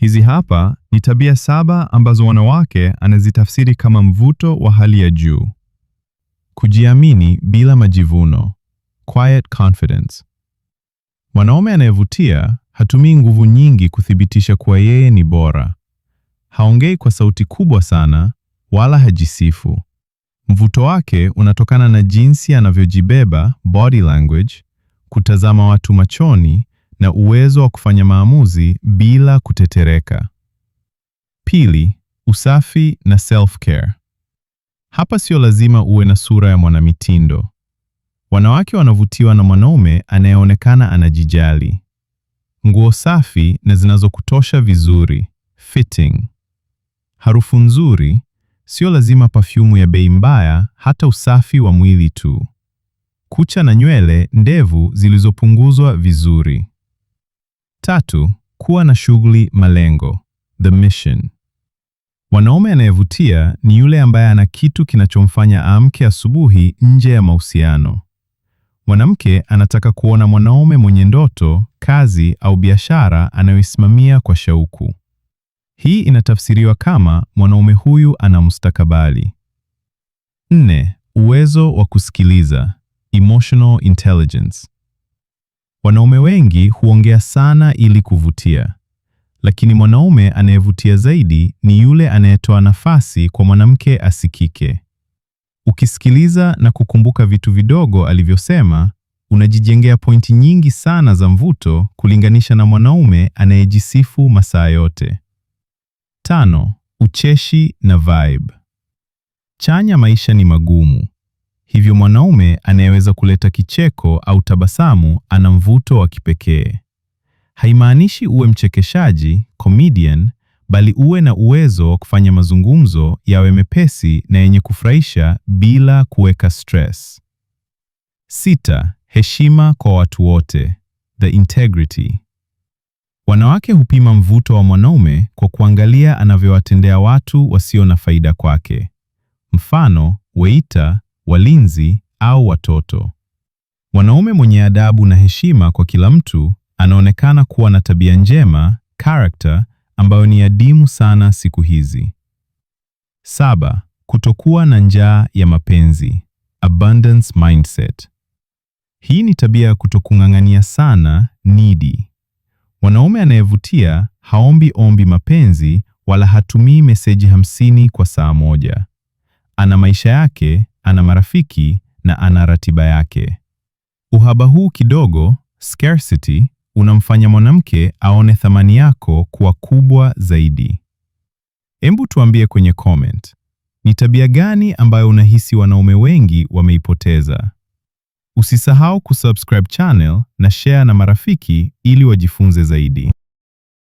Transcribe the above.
Hizi hapa ni tabia saba ambazo wanawake anazitafsiri kama mvuto wa hali ya juu: kujiamini bila majivuno, quiet confidence. Mwanaume anayevutia hatumii nguvu nyingi kuthibitisha kuwa yeye ni bora. Haongei kwa sauti kubwa sana wala hajisifu. Mvuto wake unatokana na jinsi anavyojibeba, body language, kutazama watu machoni na uwezo wa kufanya maamuzi bila kutetereka. Pili, usafi na self-care. Hapa sio lazima uwe na sura ya mwanamitindo. Wanawake wanavutiwa na mwanaume anayeonekana anajijali. Nguo safi na zinazokutosha vizuri, fitting. Harufu nzuri, sio lazima pafyumu ya bei mbaya, hata usafi wa mwili tu. Kucha na nywele ndevu zilizopunguzwa vizuri. Tatu, kuwa na shughuli malengo, the mission. Mwanaume anayevutia ni yule ambaye ana kitu kinachomfanya amke asubuhi nje ya mahusiano. Mwanamke anataka kuona mwanaume mwenye ndoto, kazi au biashara anayoisimamia kwa shauku. Hii inatafsiriwa kama mwanaume huyu ana mustakabali. Nne, uwezo wa kusikiliza, emotional intelligence. Wanaume wengi huongea sana ili kuvutia, lakini mwanaume anayevutia zaidi ni yule anayetoa nafasi kwa mwanamke asikike. Ukisikiliza na kukumbuka vitu vidogo alivyosema, unajijengea pointi nyingi sana za mvuto kulinganisha na mwanaume anayejisifu masaa yote. Tano, ucheshi na vibe. Chanya maisha ni magumu, hivyo mwanaume anayeweza kuleta kicheko au tabasamu ana mvuto wa kipekee. Haimaanishi uwe mchekeshaji comedian, bali uwe na uwezo wa kufanya mazungumzo yawe mepesi na yenye kufurahisha bila kuweka stress. Sita, heshima kwa watu wote, the integrity. Wanawake hupima mvuto wa mwanaume kwa kuangalia anavyowatendea watu wasio na faida kwake, mfano waiter walinzi au watoto. Mwanaume mwenye adabu na heshima kwa kila mtu anaonekana kuwa na tabia njema, character ambayo ni adimu sana siku hizi. Saba, kutokuwa na njaa ya mapenzi, abundance mindset. Hii ni tabia ya kutokung'ang'ania sana, needy. Mwanaume anayevutia haombi ombi mapenzi wala hatumii meseji hamsini kwa saa moja. Ana maisha yake ana marafiki na ana ratiba yake. Uhaba huu kidogo, scarcity, unamfanya mwanamke aone thamani yako kuwa kubwa zaidi. Hebu tuambie kwenye comment, ni tabia gani ambayo unahisi wanaume wengi wameipoteza? Usisahau kusubscribe channel na share na marafiki ili wajifunze zaidi.